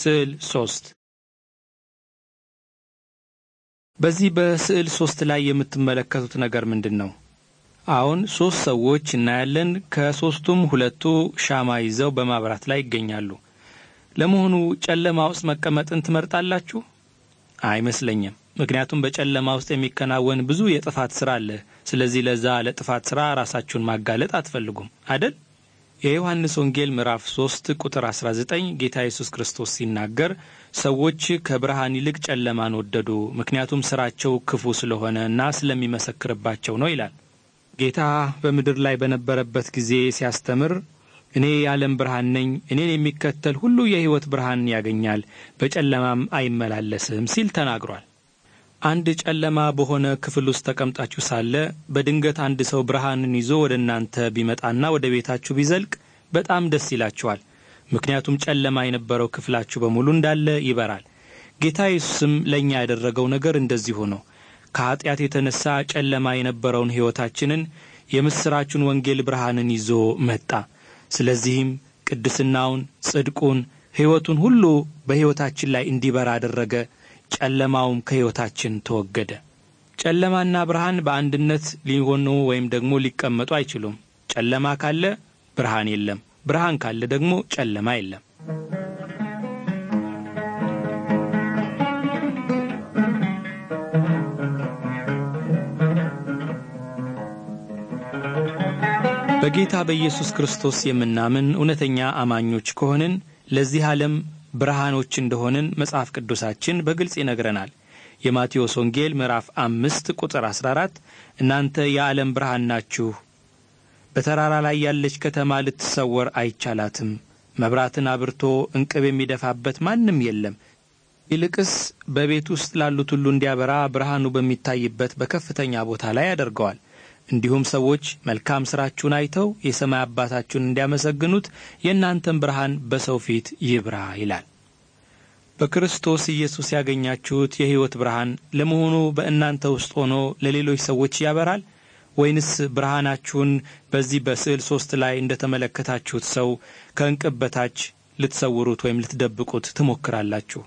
ስዕል ሶስት በዚህ በስዕል ሶስት ላይ የምትመለከቱት ነገር ምንድን ነው? አሁን ሶስት ሰዎች እናያለን። ከሶስቱም ሁለቱ ሻማ ይዘው በማብራት ላይ ይገኛሉ። ለመሆኑ ጨለማ ውስጥ መቀመጥን ትመርጣላችሁ? አይመስለኝም። ምክንያቱም በጨለማ ውስጥ የሚከናወን ብዙ የጥፋት ስራ አለ። ስለዚህ ለዛ ለጥፋት ስራ ራሳችሁን ማጋለጥ አትፈልጉም አደል? የዮሐንስ ወንጌል ምዕራፍ 3 ቁጥር 19 ጌታ ኢየሱስ ክርስቶስ ሲናገር ሰዎች ከብርሃን ይልቅ ጨለማን ወደዱ፣ ምክንያቱም ሥራቸው ክፉ ስለሆነ እና ስለሚመሰክርባቸው ነው ይላል። ጌታ በምድር ላይ በነበረበት ጊዜ ሲያስተምር እኔ የዓለም ብርሃን ነኝ፣ እኔን የሚከተል ሁሉ የሕይወት ብርሃን ያገኛል፣ በጨለማም አይመላለስም ሲል ተናግሯል። አንድ ጨለማ በሆነ ክፍል ውስጥ ተቀምጣችሁ ሳለ በድንገት አንድ ሰው ብርሃንን ይዞ ወደ እናንተ ቢመጣና ወደ ቤታችሁ ቢዘልቅ በጣም ደስ ይላችኋል። ምክንያቱም ጨለማ የነበረው ክፍላችሁ በሙሉ እንዳለ ይበራል። ጌታ ኢየሱስም ለእኛ ያደረገው ነገር እንደዚሁ ነው። ከኀጢአት የተነሣ ጨለማ የነበረውን ሕይወታችንን የምሥራቹን ወንጌል ብርሃንን ይዞ መጣ። ስለዚህም ቅድስናውን፣ ጽድቁን፣ ሕይወቱን ሁሉ በሕይወታችን ላይ እንዲበራ አደረገ። ጨለማውም ከሕይወታችን ተወገደ። ጨለማና ብርሃን በአንድነት ሊሆኑ ወይም ደግሞ ሊቀመጡ አይችሉም። ጨለማ ካለ ብርሃን የለም፣ ብርሃን ካለ ደግሞ ጨለማ የለም። በጌታ በኢየሱስ ክርስቶስ የምናምን እውነተኛ አማኞች ከሆንን ለዚህ ዓለም ብርሃኖች እንደሆንን መጽሐፍ ቅዱሳችን በግልጽ ይነግረናል። የማቴዎስ ወንጌል ምዕራፍ አምስት ቁጥር 14 እናንተ የዓለም ብርሃን ናችሁ፣ በተራራ ላይ ያለች ከተማ ልትሰወር አይቻላትም። መብራትን አብርቶ እንቅብ የሚደፋበት ማንም የለም። ይልቅስ በቤት ውስጥ ላሉት ሁሉ እንዲያበራ ብርሃኑ በሚታይበት በከፍተኛ ቦታ ላይ ያደርገዋል። እንዲሁም ሰዎች መልካም ሥራችሁን አይተው የሰማይ አባታችሁን እንዲያመሰግኑት የእናንተን ብርሃን በሰው ፊት ይብራ ይላል። በክርስቶስ ኢየሱስ ያገኛችሁት የሕይወት ብርሃን ለመሆኑ በእናንተ ውስጥ ሆኖ ለሌሎች ሰዎች ያበራል ወይንስ ብርሃናችሁን በዚህ በስዕል ሦስት ላይ እንደ ተመለከታችሁት ሰው ከእንቅብ በታች ልትሰውሩት ወይም ልትደብቁት ትሞክራላችሁ?